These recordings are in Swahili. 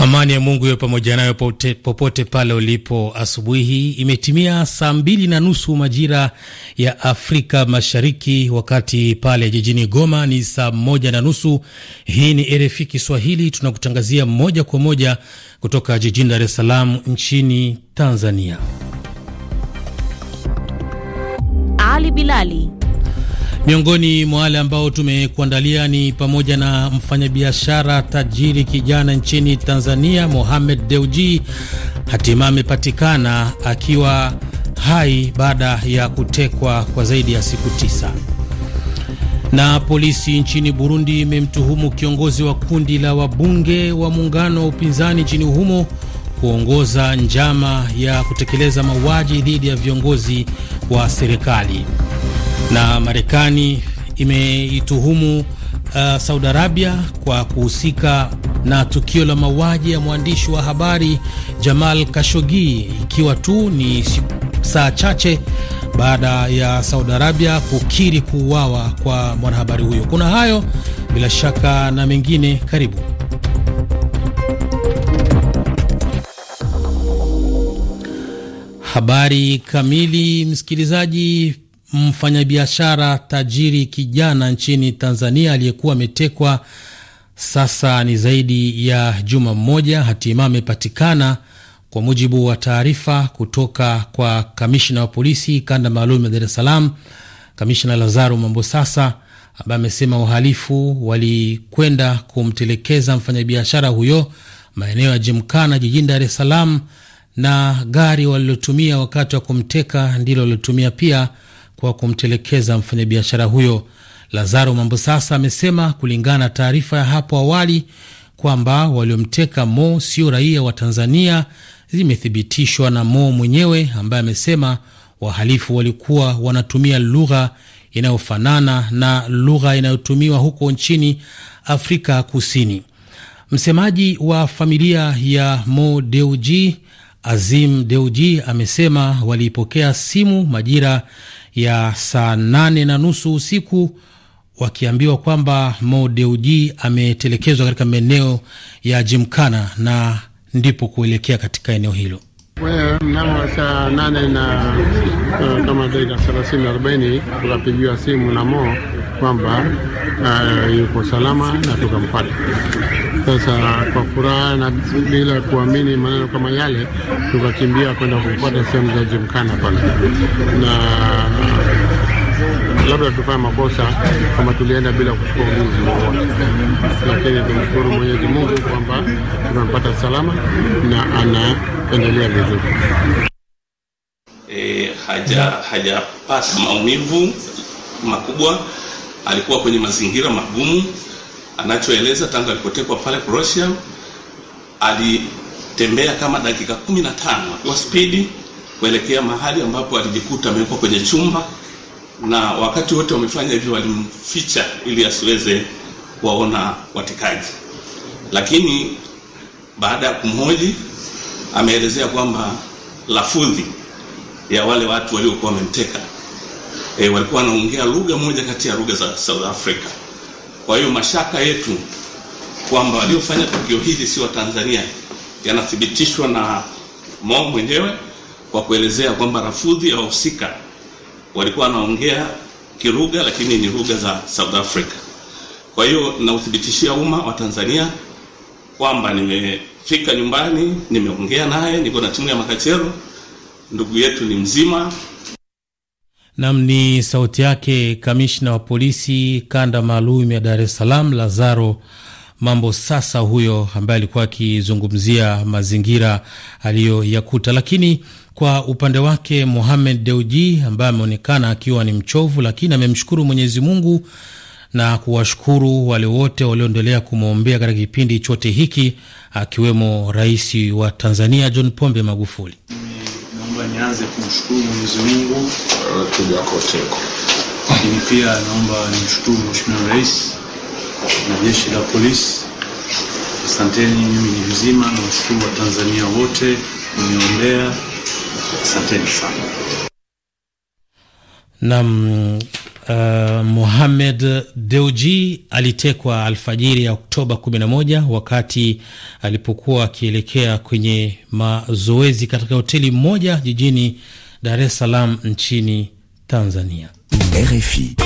Amani ya Mungu iwe pamoja nayo popote pale ulipo. Asubuhi imetimia saa mbili na nusu majira ya Afrika Mashariki, wakati pale jijini Goma ni saa moja na nusu. Hii ni RFI Kiswahili, tunakutangazia moja kwa moja kutoka jijini Dar es Salaam nchini Tanzania. Ali Bilali Miongoni mwa wale ambao tumekuandalia ni pamoja na mfanyabiashara tajiri kijana nchini Tanzania Mohamed Deuji hatimaye amepatikana akiwa hai baada ya kutekwa kwa zaidi ya siku tisa. Na polisi nchini Burundi imemtuhumu kiongozi wa kundi la wabunge wa muungano wa upinzani nchini humo kuongoza njama ya kutekeleza mauaji dhidi ya viongozi wa serikali. Na Marekani imeituhumu uh, Saudi Arabia kwa kuhusika na tukio la mauaji ya mwandishi wa habari Jamal Khashoggi ikiwa tu ni saa chache baada ya Saudi Arabia kukiri kuuawa kwa mwanahabari huyo. Kuna hayo bila shaka na mengine, karibu habari kamili, msikilizaji. Mfanyabiashara tajiri kijana nchini Tanzania aliyekuwa ametekwa sasa ni zaidi ya juma mmoja, hatimaye amepatikana, kwa mujibu wa taarifa kutoka kwa kamishna wa polisi kanda maalum ya Dar es Salaam, Kamishna Lazaro sasa ambaye amesema wahalifu walikwenda kumtelekeza mfanyabiashara huyo maeneo ya Jimkana jijini Dar es Salaam, na gari walilotumia wakati wa kumteka ndilo walilotumia pia kwa kumtelekeza mfanyabiashara huyo. Lazaro Mambosasa amesema kulingana na taarifa ya hapo awali kwamba waliomteka Mo sio raia wa Tanzania zimethibitishwa na Mo mwenyewe ambaye amesema wahalifu walikuwa wanatumia lugha inayofanana na lugha inayotumiwa huko nchini Afrika Kusini. Msemaji wa familia ya Mo Deuji, Azim Deuji, amesema waliipokea simu majira ya saa nane na nusu usiku wakiambiwa kwamba Mo Dewji ametelekezwa katika maeneo ya Jimkana na ndipo kuelekea katika eneo hilo. mnamo mnamo saa nane na uh, kama dakika thelathini arobaini tukapigiwa simu na Mo kwamba uh, yuko salama na tukampata. Sasa kwa furaha na bila kuamini maneno kama yale, tukakimbia kwenda kumpata sehemu za Jimkana pale na labda tutafanya makosa kama tulienda bila kuchukua ujuzi wowote, lakini tumshukuru Mwenyezi Mungu kwamba tunampata salama na anaendelea vizuri. E, hajapata haja maumivu makubwa. Alikuwa kwenye mazingira magumu, anachoeleza tangu alipotekwa pale Russia, alitembea kama dakika kumi na tano kwa spidi kuelekea mahali ambapo alijikuta amewekwa kwenye chumba na wakati wote wamefanya hivyo, walimficha ili asiweze kuwaona watekaji. Lakini baada ya kumhoji, ameelezea kwamba lafudhi ya wale watu waliokuwa wamemteka e, walikuwa wanaongea lugha moja kati ya lugha za South Africa. Kwa hiyo mashaka yetu kwamba waliofanya tukio hili si wa Tanzania yanathibitishwa na Mo mwenyewe kwa kuelezea kwamba lafudhi ya wahusika walikuwa wanaongea Kiruga lakini ni lugha za South Africa. Kwa hiyo nauthibitishia umma wa Tanzania kwamba nimefika nyumbani, nimeongea naye, niko na timu ya Makachero, ndugu yetu ni mzima. Nam ni sauti yake kamishna wa polisi kanda maalum ya Dar es Salaam Lazaro Mambo sasa, huyo ambaye alikuwa akizungumzia mazingira aliyoyakuta, lakini kwa upande wake Mohamed Deuji ambaye ameonekana akiwa ni mchovu, lakini amemshukuru Mwenyezi Mungu na kuwashukuru wale wote walioendelea kumwombea katika kipindi chote hiki, akiwemo Rais wa Tanzania John Pombe Magufuli. Naomba nianze kumshukuru Mwenyezi Mungu koteko, lakini pia naomba nimshukuru Mheshimiwa Rais na jeshi la polisi. Asanteni, mimi ni mzima nawashukuru Watanzania wote kuniombea Asanteni sana. Naam. Uh, Mohamed Deuji alitekwa alfajiri ya Oktoba 11 wakati alipokuwa akielekea kwenye mazoezi katika hoteli moja jijini Dar es Salaam nchini Tanzania. RFI.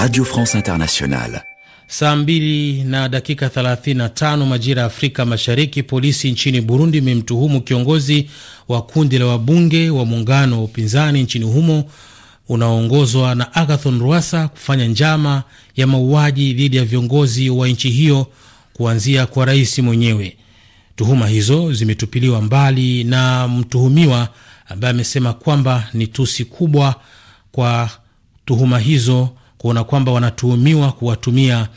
Radio France Internationale. Saa mbili na dakika 35 majira ya Afrika Mashariki. Polisi nchini Burundi imemtuhumu kiongozi wa kundi la wabunge wa muungano wa upinzani nchini humo unaoongozwa na Agathon Rwasa kufanya njama ya mauaji dhidi ya viongozi wa nchi hiyo kuanzia kwa rais mwenyewe. Tuhuma hizo zimetupiliwa mbali na mtuhumiwa ambaye amesema kwamba ni tusi kubwa kwa tuhuma hizo kuona kwamba wanatuhumiwa kuwatumia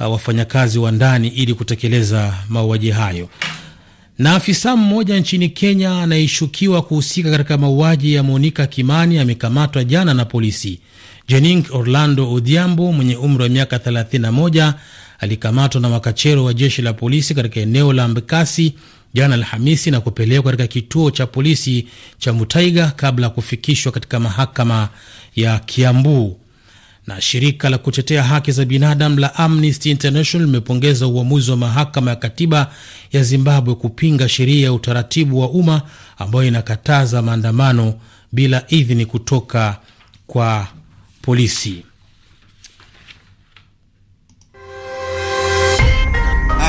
uh, wafanyakazi wa ndani ili kutekeleza mauaji hayo. Na afisa mmoja nchini Kenya anayeshukiwa kuhusika katika mauaji ya Monica Kimani amekamatwa jana na polisi. Jenink Orlando Odhiambo mwenye umri wa miaka 31 alikamatwa na makachero wa jeshi la polisi katika eneo la Mbekasi jana Alhamisi na kupelekwa katika kituo cha polisi cha Mutaiga kabla ya kufikishwa katika mahakama ya Kiambu. Na shirika la kutetea haki za binadamu la Amnesty International limepongeza uamuzi wa mahakama ya katiba ya Zimbabwe kupinga sheria ya utaratibu wa umma ambayo inakataza maandamano bila idhini kutoka kwa polisi.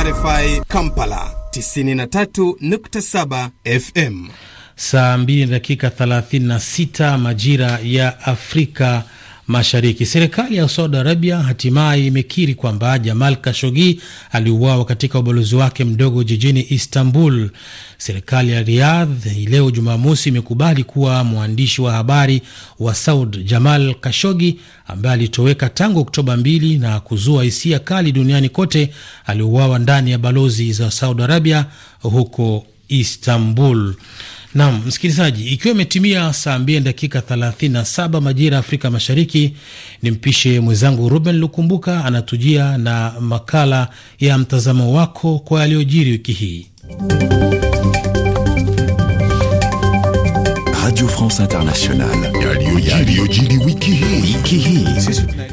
RFI Kampala 93.7 FM, saa 2 dakika 36 majira ya Afrika Mashariki. Serikali ya Saudi Arabia hatimaye imekiri kwamba Jamal Kashogi aliuawa katika ubalozi wake mdogo jijini Istanbul. Serikali ya Riyadh hii leo Jumamosi imekubali kuwa mwandishi wa habari wa Saud Jamal Kashogi ambaye alitoweka tangu Oktoba mbili na kuzua hisia kali duniani kote aliuawa ndani ya balozi za Saudi Arabia huko Istanbul. Naam, msikilizaji, ikiwa imetimia saa mbili dakika 37 majira ya Afrika Mashariki, ni mpishe mwenzangu Ruben Lukumbuka anatujia na makala ya mtazamo wako kwa yaliyojiri wiki hii. Radio France Internationale yaliyojiri wiki hii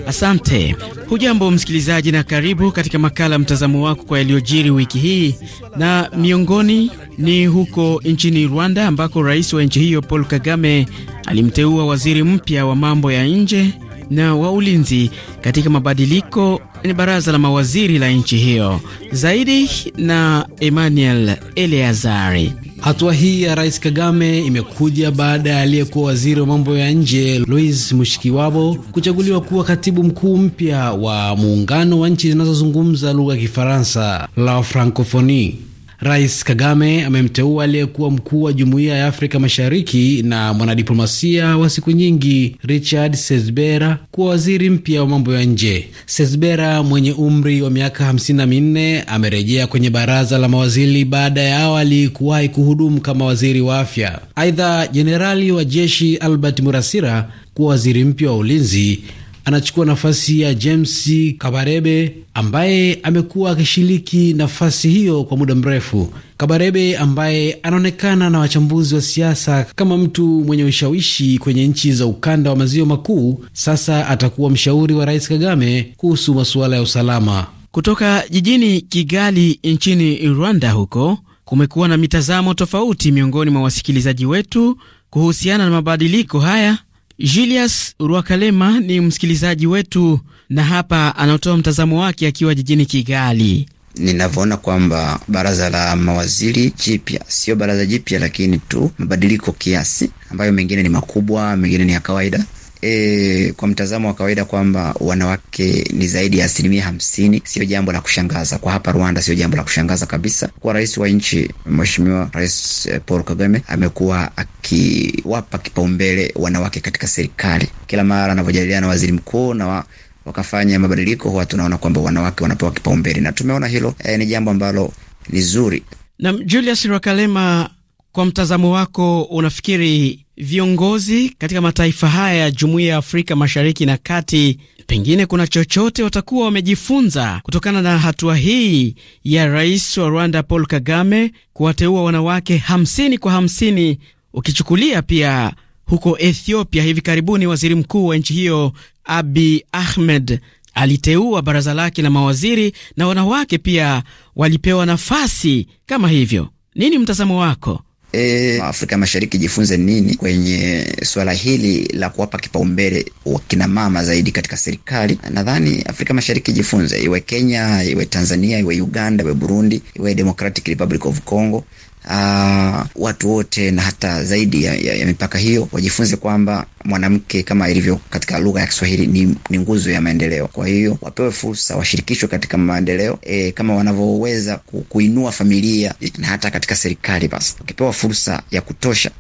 Asante. Hujambo msikilizaji, na karibu katika makala mtazamo wako kwa yaliyojiri wiki hii, na miongoni ni huko nchini Rwanda ambako rais wa nchi hiyo Paul Kagame alimteua waziri mpya wa mambo ya nje na wa ulinzi katika mabadiliko ni baraza la mawaziri la nchi hiyo zaidi na Emmanuel Eleazari. Hatua hii ya Rais Kagame imekuja baada ya aliyekuwa waziri wa mambo ya nje Louis Mushikiwabo kuchaguliwa kuwa katibu mkuu mpya wa muungano wa nchi zinazozungumza lugha ya Kifaransa la Francophonie. Rais Kagame amemteua aliyekuwa mkuu wa jumuiya ya Afrika Mashariki na mwanadiplomasia wa siku nyingi Richard Sesbera kuwa waziri mpya wa mambo ya nje. Sesbera mwenye umri wa miaka 54 minne amerejea kwenye baraza la mawaziri baada ya awali kuwahi kuhudumu kama waziri wa afya. Aidha, jenerali wa jeshi Albert Murasira kuwa waziri mpya wa ulinzi anachukua nafasi ya James Kabarebe ambaye amekuwa akishiriki nafasi hiyo kwa muda mrefu. Kabarebe ambaye anaonekana na wachambuzi wa siasa kama mtu mwenye ushawishi kwenye nchi za ukanda wa maziwa makuu, sasa atakuwa mshauri wa Rais Kagame kuhusu masuala ya usalama. Kutoka jijini Kigali nchini Rwanda, huko kumekuwa na mitazamo tofauti miongoni mwa wasikilizaji wetu kuhusiana na mabadiliko haya Julius Rwakalema ni msikilizaji wetu na hapa anatoa mtazamo wake akiwa jijini Kigali. Ninavyoona kwamba baraza la mawaziri jipya sio baraza jipya, lakini tu mabadiliko kiasi, ambayo mengine ni makubwa, mengine ni ya kawaida, e, kwa mtazamo wa kawaida kwamba wanawake ni zaidi ya asilimia hamsini, sio jambo la kushangaza kwa hapa Rwanda, sio jambo la kushangaza kabisa. Kwa rais wa nchi Mheshimiwa Rais eh, Paul Kagame amekuwa akiwapa kipaumbele wanawake katika serikali. Kila mara anavyojadiliana na waziri mkuu na wa, wakafanya mabadiliko, huwa tunaona kwamba wanawake wanapewa kipaumbele, na tumeona hilo e, ni jambo ambalo ni zuri. Na Julius Rakalema kwa mtazamo wako, unafikiri viongozi katika mataifa haya ya jumuiya ya Afrika Mashariki na Kati, pengine kuna chochote watakuwa wamejifunza kutokana na hatua hii ya rais wa Rwanda Paul Kagame kuwateua wanawake 50 kwa 50, ukichukulia pia huko Ethiopia hivi karibuni waziri mkuu wa nchi hiyo Abi Ahmed aliteua baraza lake la mawaziri na wanawake pia walipewa nafasi kama hivyo. Nini mtazamo wako? E, Afrika Mashariki jifunze nini kwenye suala hili la kuwapa kipaumbele wakina mama zaidi katika serikali? Nadhani Afrika Mashariki jifunze, iwe Kenya, iwe Tanzania, iwe Uganda, iwe Burundi, iwe Democratic Republic of Congo, uh, watu wote na hata zaidi ya, ya, ya mipaka hiyo wajifunze kwamba mwanamke kama ilivyo katika lugha ya Kiswahili ni, ni nguzo ya maendeleo. Kwa hiyo wapewe fursa, washirikishwe katika maendeleo e, kama wanavyoweza kuinua familia na hata katika serikali. Basi wakipewa fursa ya kutosha,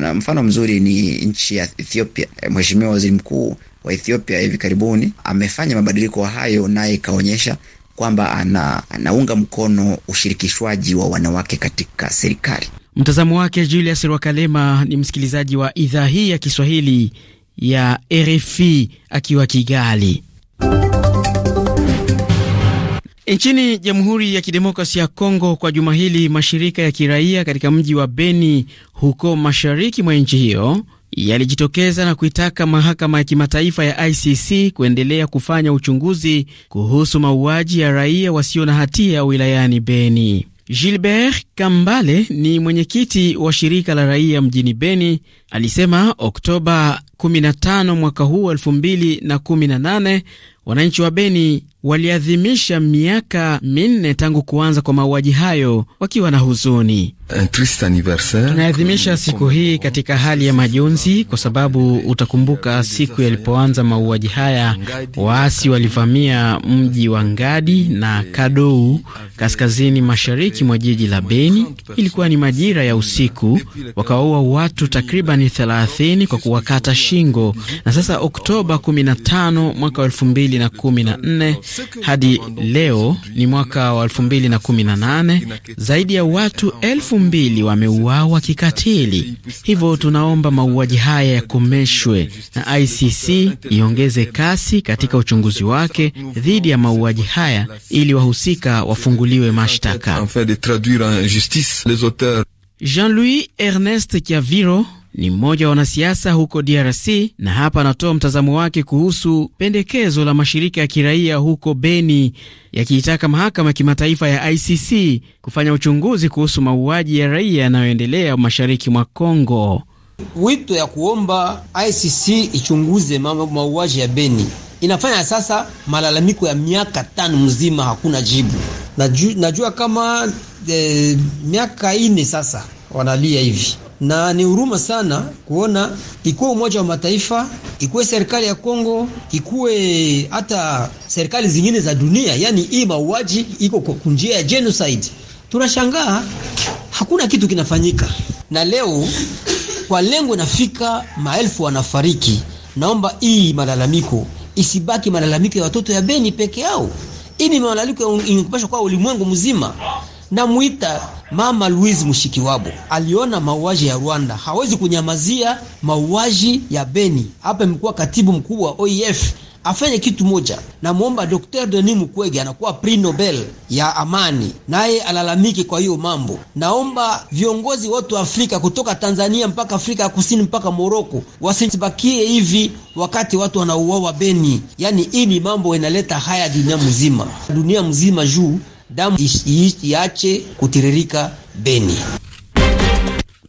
na mfano mzuri ni nchi ya Ethiopia. E, mheshimiwa waziri mkuu wa Ethiopia hivi karibuni amefanya mabadiliko hayo, naye ikaonyesha kwamba ana, anaunga mkono ushirikishwaji wa wanawake katika serikali. Mtazamo wake Julius Rwakalema ni msikilizaji wa idhaa hii ya Kiswahili ya RFI akiwa Kigali. Nchini Jamhuri ya kidemokrasi ya Kongo, kwa juma hili mashirika ya kiraia katika mji wa Beni huko mashariki mwa nchi hiyo yalijitokeza na kuitaka mahakama ya kimataifa ya ICC kuendelea kufanya uchunguzi kuhusu mauaji ya raia wasio na hatia wilayani Beni. Gilbert Kambale ni mwenyekiti wa shirika la raia mjini Beni, alisema Oktoba 15 mwaka huu 2018 Wananchi wa Beni waliadhimisha miaka minne tangu kuanza kwa mauaji hayo wakiwa na huzuni. Tunaadhimisha siku hii katika hali ya majonzi, kwa sababu utakumbuka siku yalipoanza mauaji haya, waasi walivamia mji wa Ngadi na Kadou kaskazini mashariki mwa jiji la Beni. Ilikuwa ni majira ya usiku, wakawaua watu takribani 30 kwa kuwakata shingo, na sasa Oktoba 15 mwaka 2014 hadi leo ni mwaka wa 2018, zaidi ya watu elfu mbili wameuawa kikatili. Hivyo tunaomba mauaji haya yakomeshwe na ICC iongeze kasi katika uchunguzi wake dhidi ya mauaji haya ili wahusika wafunguliwe mashtaka. Jean-Louis Ernest Kiaviro ni mmoja wa wanasiasa huko DRC na hapa anatoa mtazamo wake kuhusu pendekezo la mashirika ya kiraia huko Beni yakiitaka mahakama ya kimataifa ya ICC kufanya uchunguzi kuhusu mauaji ya raia yanayoendelea mashariki mwa congo Wito ya kuomba ICC ichunguze mauaji ya Beni inafanya sasa malalamiko ya miaka tano mzima hakuna jibu. Najua, najua kama e, miaka ine sasa wanalia hivi na ni huruma sana kuona ikuwe Umoja wa Mataifa, ikuwe serikali ya Kongo, ikuwe hata serikali zingine za dunia, yani hii mauaji iko kwa njia ya genocide. Tunashangaa hakuna kitu kinafanyika, na leo kwa lengo nafika maelfu wanafariki. Naomba hii malalamiko isibaki malalamiko ya watoto ya Beni peke yao. Hii ni malalamiko inakupasha kwa ulimwengu mzima namwita Mama Louise Mushikiwabo aliona mauaji ya Rwanda, hawezi kunyamazia mauaji ya Beni. Hapa imekuwa katibu mkuu wa OIF e afanye kitu moja. Namwomba Dr. Denis Mukwege anakuwa prix Nobel ya amani, naye alalamike kwa hiyo mambo. Naomba viongozi wote wa Afrika kutoka Tanzania mpaka Afrika ya Kusini mpaka Moroko wasibakie hivi wakati watu wanauawa Beni. yani hii ni mambo inaleta haya dunia mzima, dunia mzima juu damu iache kutiririka Beni.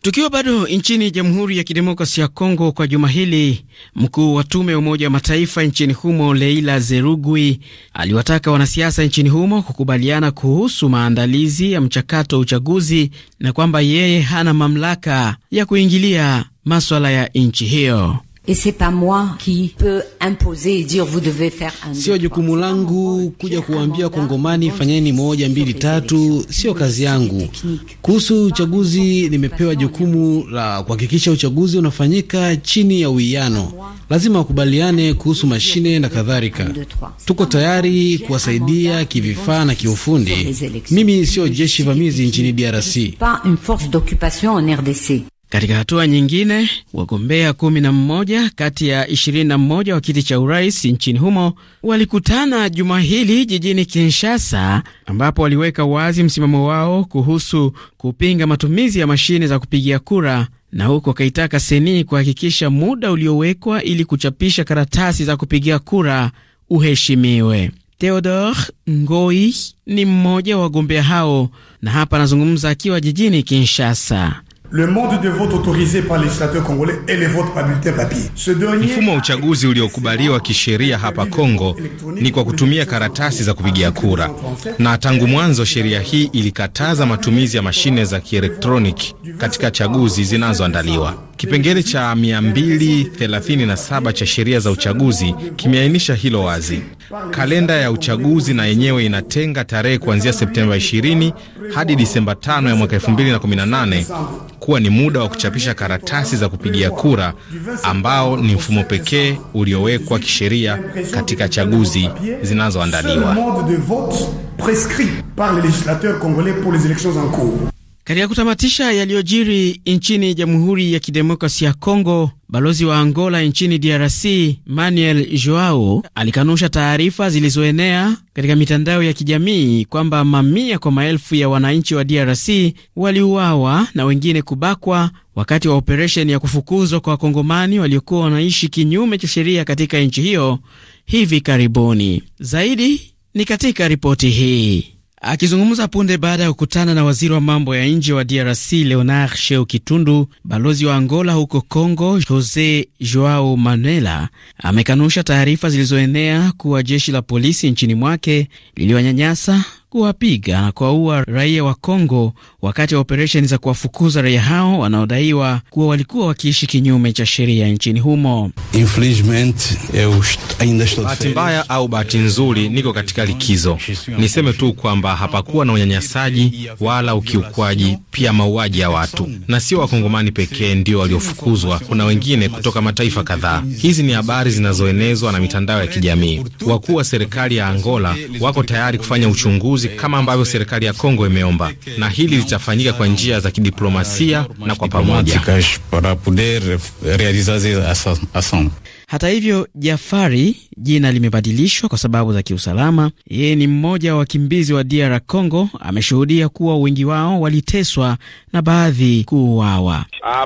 Tukiwa bado nchini Jamhuri ya Kidemokrasia ya Kongo, kwa juma hili mkuu wa tume ya Umoja wa Mataifa nchini humo Leila Zerugui aliwataka wanasiasa nchini humo kukubaliana kuhusu maandalizi ya mchakato wa uchaguzi na kwamba yeye hana mamlaka ya kuingilia maswala ya nchi hiyo. Et c'est pas moi qui peut imposer et dire vous devez faire un. Sio jukumu langu kuja kuambia Kongomani fanyeni moja mbili tatu, sio kazi yangu. Kuhusu uchaguzi, nimepewa jukumu la kuhakikisha uchaguzi unafanyika chini ya uwiano, lazima wakubaliane kuhusu mashine na kadhalika. Tuko tayari kuwasaidia kivifaa na kiufundi. Mimi sio jeshi vamizi nchini DRC. Katika hatua nyingine, wagombea 11 kati ya 21 wa kiti cha urais nchini humo walikutana juma hili jijini Kinshasa, ambapo waliweka wazi msimamo wao kuhusu kupinga matumizi ya mashine za kupigia kura na huku wakaitaka seni kuhakikisha muda uliowekwa ili kuchapisha karatasi za kupigia kura uheshimiwe. Theodore Ngoi ni mmoja wa wagombea hao, na hapa anazungumza akiwa jijini Kinshasa. Le mode de vote autorisé par legislateur congolais et le vote par bulletin papier. Mfumo wa uchaguzi uliokubaliwa kisheria hapa Kongo ni kwa kutumia karatasi za kupigia kura, na tangu mwanzo sheria hii ilikataza matumizi ya mashine za kielektroniki katika chaguzi zinazoandaliwa. Kipengele cha 237 cha sheria za uchaguzi kimeainisha hilo wazi. Kalenda ya uchaguzi na yenyewe inatenga tarehe kuanzia Septemba 20 hadi Disemba 5 ya mwaka 2018 kuwa ni muda wa kuchapisha karatasi za kupigia kura ambao ni mfumo pekee uliowekwa kisheria katika chaguzi zinazoandaliwa. Katika kutamatisha yaliyojiri nchini Jamhuri ya kidemokrasi ya Kongo, balozi wa Angola nchini DRC Manuel Joao alikanusha taarifa zilizoenea katika mitandao ya kijamii kwamba mamia kwa maelfu ya wananchi wa DRC waliuawa na wengine kubakwa wakati wa operesheni ya kufukuzwa kwa wakongomani waliokuwa wanaishi kinyume cha sheria katika nchi hiyo hivi karibuni. Zaidi ni katika ripoti hii. Akizungumza punde baada ya kukutana na waziri wa mambo ya nje wa DRC Leonard Sheu Kitundu, balozi wa Angola huko Congo Jose Joao manuela amekanusha taarifa zilizoenea kuwa jeshi la polisi nchini mwake liliwanyanyasa kuwapiga na kuwaua raia wa Kongo wakati wa operesheni za kuwafukuza raia hao wanaodaiwa kuwa walikuwa wakiishi kinyume cha sheria nchini humo. Bahati mbaya au bahati nzuri, niko katika likizo. Niseme tu kwamba hapakuwa na unyanyasaji wala ukiukwaji, pia mauaji ya watu, na sio wakongomani pekee ndio waliofukuzwa, kuna wengine kutoka mataifa kadhaa. Hizi ni habari zinazoenezwa na mitandao ya kijamii. Wakuu wa serikali ya Angola wako tayari kufanya uchunguzi uchaguzi kama ambavyo serikali ya Kongo imeomba, na hili litafanyika kwa njia za kidiplomasia na kwa pamoja. Hata hivyo, Jafari jina limebadilishwa kwa sababu za kiusalama. Yeye ni mmoja wa wakimbizi wa DR Congo, ameshuhudia kuwa wengi wao waliteswa na baadhi kuuawa. Ah,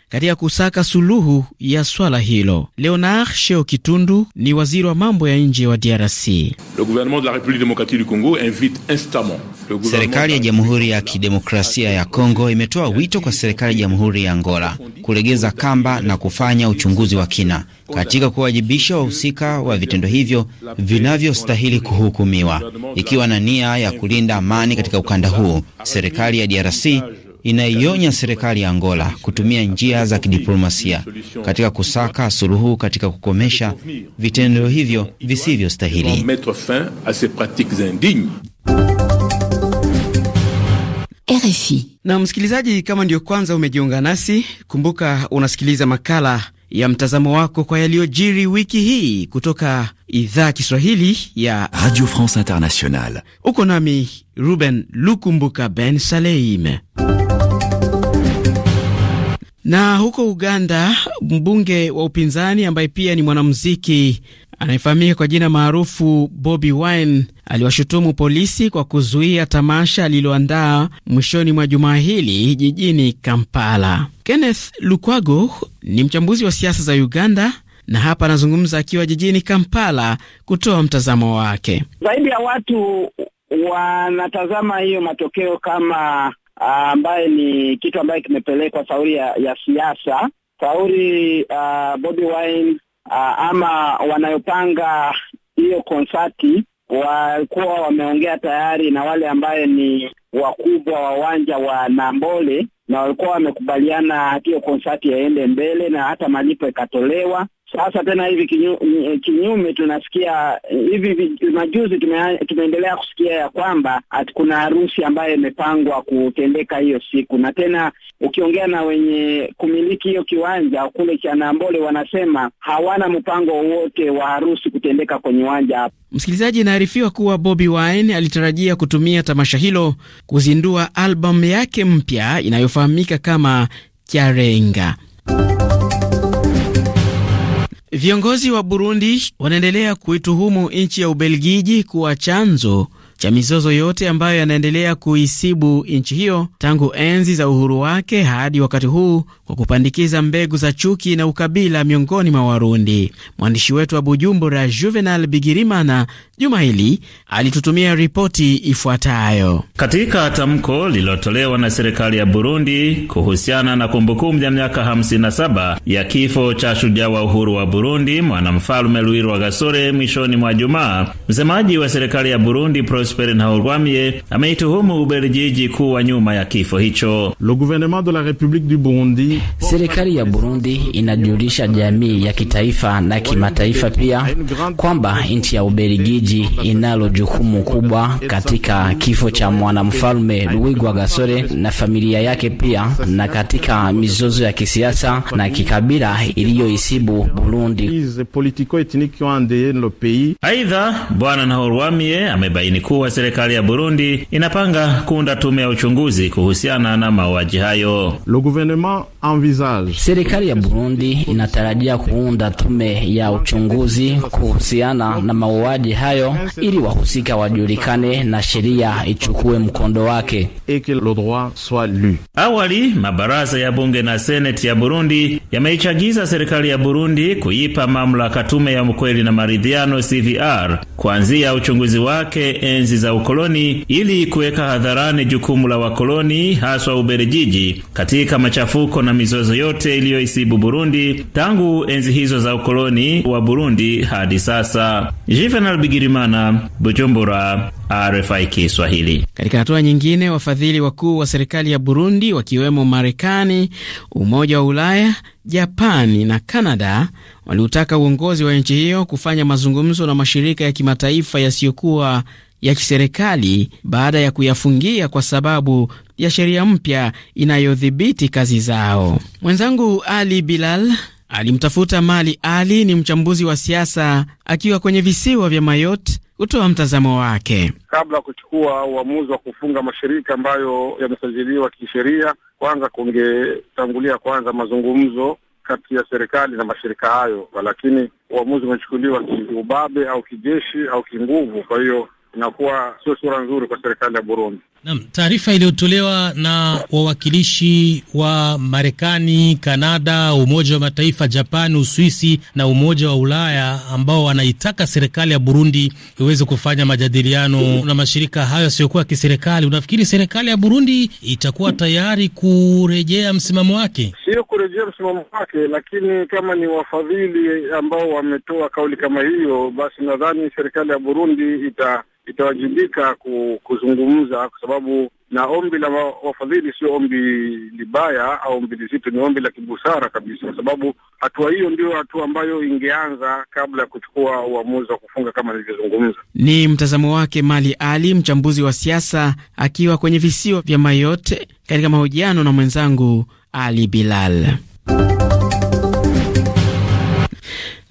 katika kusaka suluhu ya swala hilo. Leonard Sheo Kitundu ni waziri wa mambo ya nje wa DRC. Serikali ya Jamhuri ya Kidemokrasia ya Kongo imetoa wito kwa serikali ya Jamhuri ya Angola kulegeza kamba na kufanya uchunguzi wa kina katika kuwajibisha wahusika wa vitendo hivyo vinavyostahili kuhukumiwa, ikiwa na nia ya kulinda amani katika ukanda huu. Serikali ya DRC inaionya serikali ya Angola kutumia njia za kidiplomasia katika kusaka suluhu katika kukomesha vitendo hivyo visivyostahili. RFI. Na msikilizaji, kama ndiyo kwanza umejiunga nasi, kumbuka unasikiliza makala ya mtazamo wako kwa yaliyojiri wiki hii kutoka idhaa Kiswahili ya Radio France Internationale. Uko nami Ruben Lukumbuka Ben Saleim. Na huko Uganda, mbunge wa upinzani ambaye pia ni mwanamuziki anayefahamika kwa jina maarufu Bobi Wine aliwashutumu polisi kwa kuzuia tamasha lililoandaa mwishoni mwa jumaa hili jijini Kampala. Kenneth Lukwago ni mchambuzi wa siasa za Uganda na hapa anazungumza akiwa jijini Kampala kutoa mtazamo wake. Zaidi ya watu wanatazama hiyo matokeo kama Ah, ambaye ni kitu ambaye kimepelekwa sauri ya, ya siasa sauri uh, ah, Bobby Wine uh, ama wanayopanga hiyo konsati walikuwa wameongea tayari na wale ambaye ni wakubwa wa uwanja wa Nambole na walikuwa wamekubaliana hiyo konsati yaende mbele na hata malipo ikatolewa, sasa tena hivi kinyu, kinyume tunasikia hivi majuzi tume, tumeendelea kusikia ya kwamba kuna harusi ambayo imepangwa kutendeka hiyo siku, na tena ukiongea na wenye kumiliki hiyo kiwanja kule cha Nambole wanasema hawana mpango wowote wa harusi kutendeka kwenye uwanja hapo. Msikilizaji, inaarifiwa kuwa Bobi Wine alitarajia kutumia tamasha hilo kuzindua albamu yake mpya inayofahamika kama Charenga. Viongozi wa Burundi wanaendelea kuituhumu nchi ya Ubelgiji kuwa chanzo cha mizozo yote ambayo yanaendelea kuisibu nchi hiyo tangu enzi za uhuru wake hadi wakati huu kwa kupandikiza mbegu za chuki na ukabila miongoni mwa Warundi. Mwandishi wetu wa Bujumbura, Juvenal Bigirimana, juma hili alitutumia ripoti ifuatayo. Katika tamko lililotolewa na serikali ya Burundi kuhusiana na kumbukumbu ya miaka 57 ya kifo cha shujaa wa uhuru wa Burundi mwanamfalme Louis Rwagasore mwishoni mwa Jumaa, msemaji wa serikali ya Burundi Prosper Ntahorwamiye ameituhumu Ubelgiji kuwa nyuma ya kifo hicho. Serikali ya Burundi inajulisha jamii ya kitaifa na kimataifa pia kwamba nchi ya Ubelgiji miji inalo jukumu kubwa katika kifo cha mwanamfalme Luigwa Gasore na familia yake pia na katika mizozo ya kisiasa na kikabila iliyoisibu Burundi. Aidha, Bwana Nahorwamie amebaini kuwa serikali ya Burundi inapanga kuunda tume ya uchunguzi kuhusiana na mauaji hayo. Serikali ya Burundi inatarajia kuunda tume ya uchunguzi kuhusiana na mauaji hayo hayo ili wahusika wajulikane na sheria ichukue mkondo wake. Awali mabaraza ya bunge na seneti ya Burundi yameichagiza serikali ya Burundi kuipa mamlaka tume ya ukweli na maridhiano CVR kuanzia uchunguzi wake enzi za ukoloni ili kuweka hadharani jukumu la wakoloni haswa Ubelgiji katika machafuko na mizozo yote iliyoisibu Burundi tangu enzi hizo za ukoloni wa Burundi hadi sasa. Juvenal Bigi Bigirimana, Bujumbura, RFI Kiswahili. Katika hatua nyingine, wafadhili wakuu wa serikali ya Burundi wakiwemo Marekani, Umoja wa Ulaya, Japani na Kanada waliutaka uongozi wa nchi hiyo kufanya mazungumzo na mashirika ya kimataifa yasiyokuwa ya kiserikali baada ya kuyafungia kwa sababu ya sheria mpya inayodhibiti kazi zao. Mwenzangu Ali Bilal alimtafuta Mali Ali, ni mchambuzi wa siasa akiwa kwenye visiwa vya Mayotte kutoa mtazamo wake kabla ya kuchukua uamuzi wa kufunga mashirika ambayo yamesajiliwa kisheria. Kwanza kungetangulia kwanza mazungumzo kati ya serikali na mashirika hayo, lakini uamuzi umechukuliwa kiubabe au kijeshi au kinguvu. Kwa hiyo inakuwa sio sura nzuri kwa serikali ya Burundi. Naam, taarifa iliyotolewa na wawakilishi wa Marekani, Kanada, Umoja wa Mataifa, Japani, Uswisi na Umoja wa Ulaya ambao wanaitaka serikali ya Burundi iweze kufanya majadiliano na mashirika hayo yasiyokuwa ya kiserikali. Unafikiri serikali ya Burundi itakuwa tayari kurejea msimamo wake? Sio kurejea msimamo wake, lakini kama ni wafadhili ambao wametoa kauli kama hiyo, basi nadhani serikali ya Burundi ita itawajibika kuzungumza kwa sababu na ombi la wafadhili sio ombi libaya au ombi lizito, ni ombi la kibusara kabisa, kwa sababu hatua hiyo ndio hatua ambayo ingeanza kabla ya kuchukua uamuzi wa kufunga kama nilivyozungumza. Ni mtazamo wake Mali Ali, mchambuzi wa siasa, akiwa kwenye visio vya mayote katika mahojiano na mwenzangu Ali Bilal.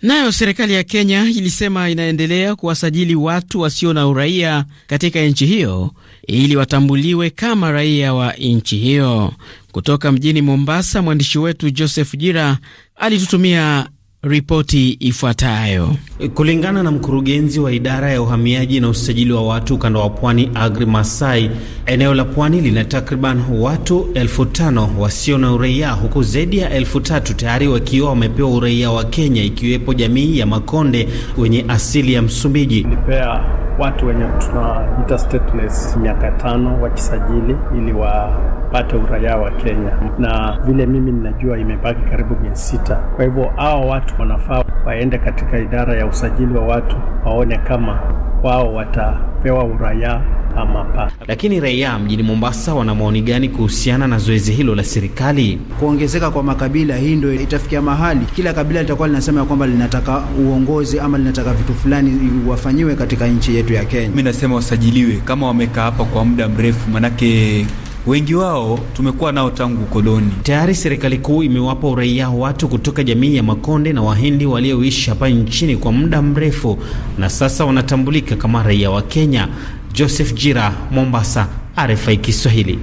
Nayo serikali ya Kenya ilisema inaendelea kuwasajili watu wasio na uraia katika nchi hiyo ili watambuliwe kama raia wa nchi hiyo. Kutoka mjini Mombasa, mwandishi wetu Joseph Jira alitutumia ripoti ifuatayo. Kulingana na mkurugenzi wa idara ya uhamiaji na usajili wa watu ukanda wa pwani Agri Masai, eneo la pwani lina takriban watu elfu tano wasio na uraia, huku zaidi ya elfu tatu tayari wakiwa wamepewa uraia wa Kenya, ikiwepo jamii ya Makonde wenye asili ya Msumbiji. Nipea watu wenye tunaita stateless miaka tano wakisajili ili wa wapate uraia wa Kenya, na vile mimi ninajua imebaki karibu mia sita. Kwa hivyo hao watu wanafaa waende katika idara ya usajili wa watu waone kama wao watapewa uraia ama pa. Lakini raia mjini Mombasa wana maoni gani kuhusiana na zoezi hilo la serikali? Kuongezeka kwa makabila, hii ndio itafikia mahali kila kabila litakuwa linasema ya kwamba linataka uongozi ama linataka vitu fulani wafanyiwe katika nchi yetu ya Kenya. Mimi nasema wasajiliwe kama wamekaa hapa kwa muda mrefu, manake wengi wao tumekuwa nao tangu ukoloni. Tayari serikali kuu imewapa uraia watu kutoka jamii ya Makonde na Wahindi walioishi hapa nchini kwa muda mrefu na sasa wanatambulika kama raia wa Kenya. Joseph Jira, Mombasa, RFI Kiswahili.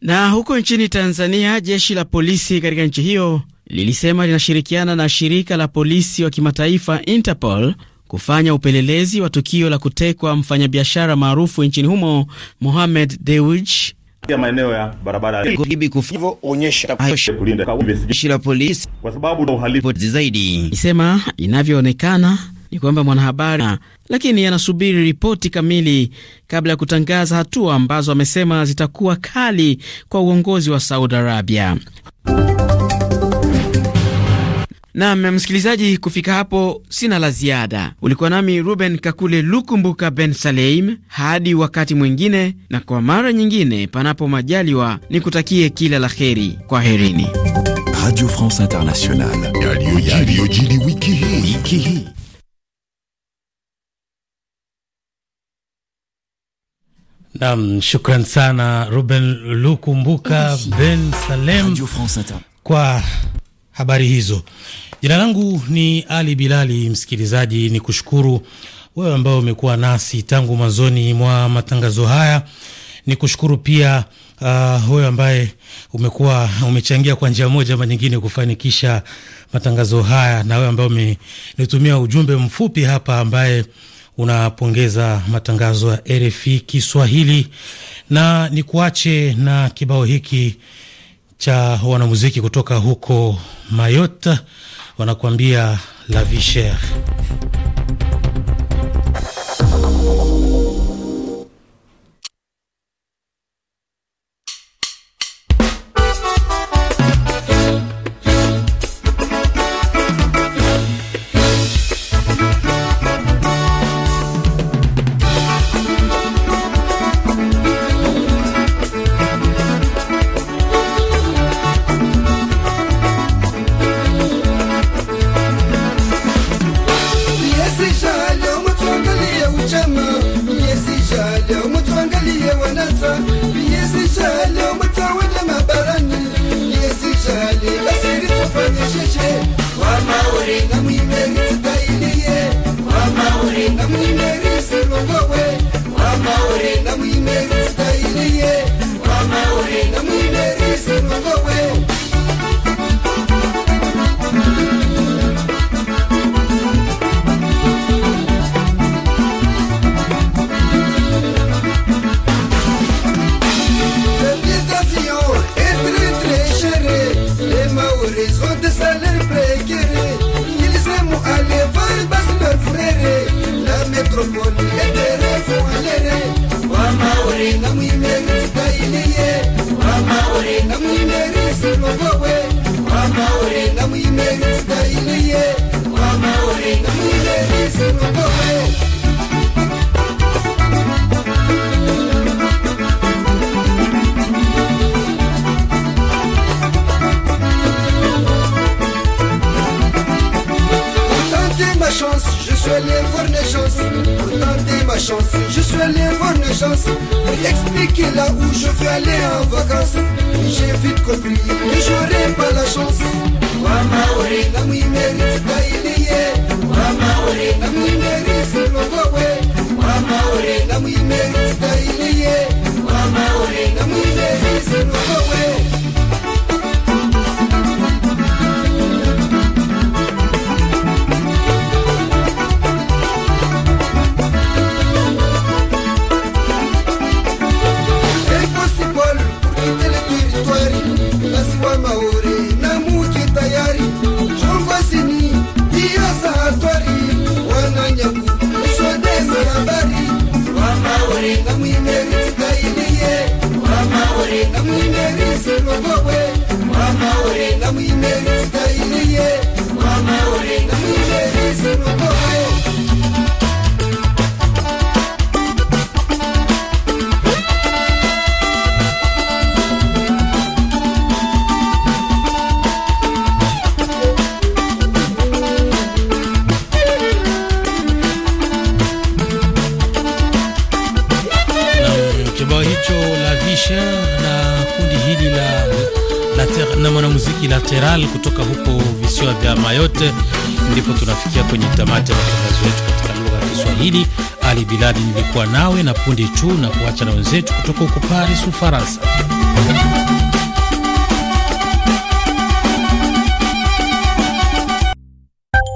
Na huko nchini Tanzania, jeshi la polisi katika nchi hiyo lilisema linashirikiana na shirika la polisi wa kimataifa Interpol kufanya upelelezi wa tukio la kutekwa mfanyabiashara maarufu nchini humo Mohamed Dewij ya maeneo ya barabara jeshi la polisi kwa sababu na uhalifu zaidi. Isema inavyoonekana ni kwamba mwanahabari, lakini anasubiri ripoti kamili kabla ya kutangaza hatua ambazo amesema zitakuwa kali kwa uongozi wa Saudi Arabia. Nam msikilizaji, kufika hapo sina la ziada. Ulikuwa nami Ruben Kakule Lukumbuka Ben Saleim, hadi wakati mwingine, na kwa mara nyingine, panapo majaliwa, ni kutakie kila la heri. Kwa herini. Radio France Internationale. Yaliyojiri wiki hii. Nam, shukran sana Ruben Lukumbuka Ben Salem kwa habari hizo. Jina langu ni Ali Bilali. Msikilizaji, ni kushukuru wewe ambao umekuwa nasi tangu mwanzoni mwa matangazo haya. Ni kushukuru pia uh, wewe ambaye umekuwa umechangia kwa njia moja ama nyingine kufanikisha matangazo haya, na wewe ambao umenitumia ujumbe mfupi hapa, ambaye unapongeza matangazo ya RFI Kiswahili, na nikuache na kibao hiki cha wanamuziki kutoka huko Mayotte wanakuambia la vie chere. Wama urenga mwimeri Ma chance, je suis allé voir les choses ma chance. Je suis allé voir une chance pour là où je vais aller en vacances. J'ai vite compris que j'aurai pas la chance. Wamaori, namu mérite pas il y est. Wamaori, namu mérite le gowe. Mama namu mérite pas il y est. Wamaori, namu mérite kutoka huko visiwa vya Mayotte. Ndipo tunafikia kwenye tamati ya matangazo yetu katika lugha ya Kiswahili. Ali Biladi nilikuwa nawe na punde tu na kuacha na wenzetu kutoka huko Paris, Ufaransa.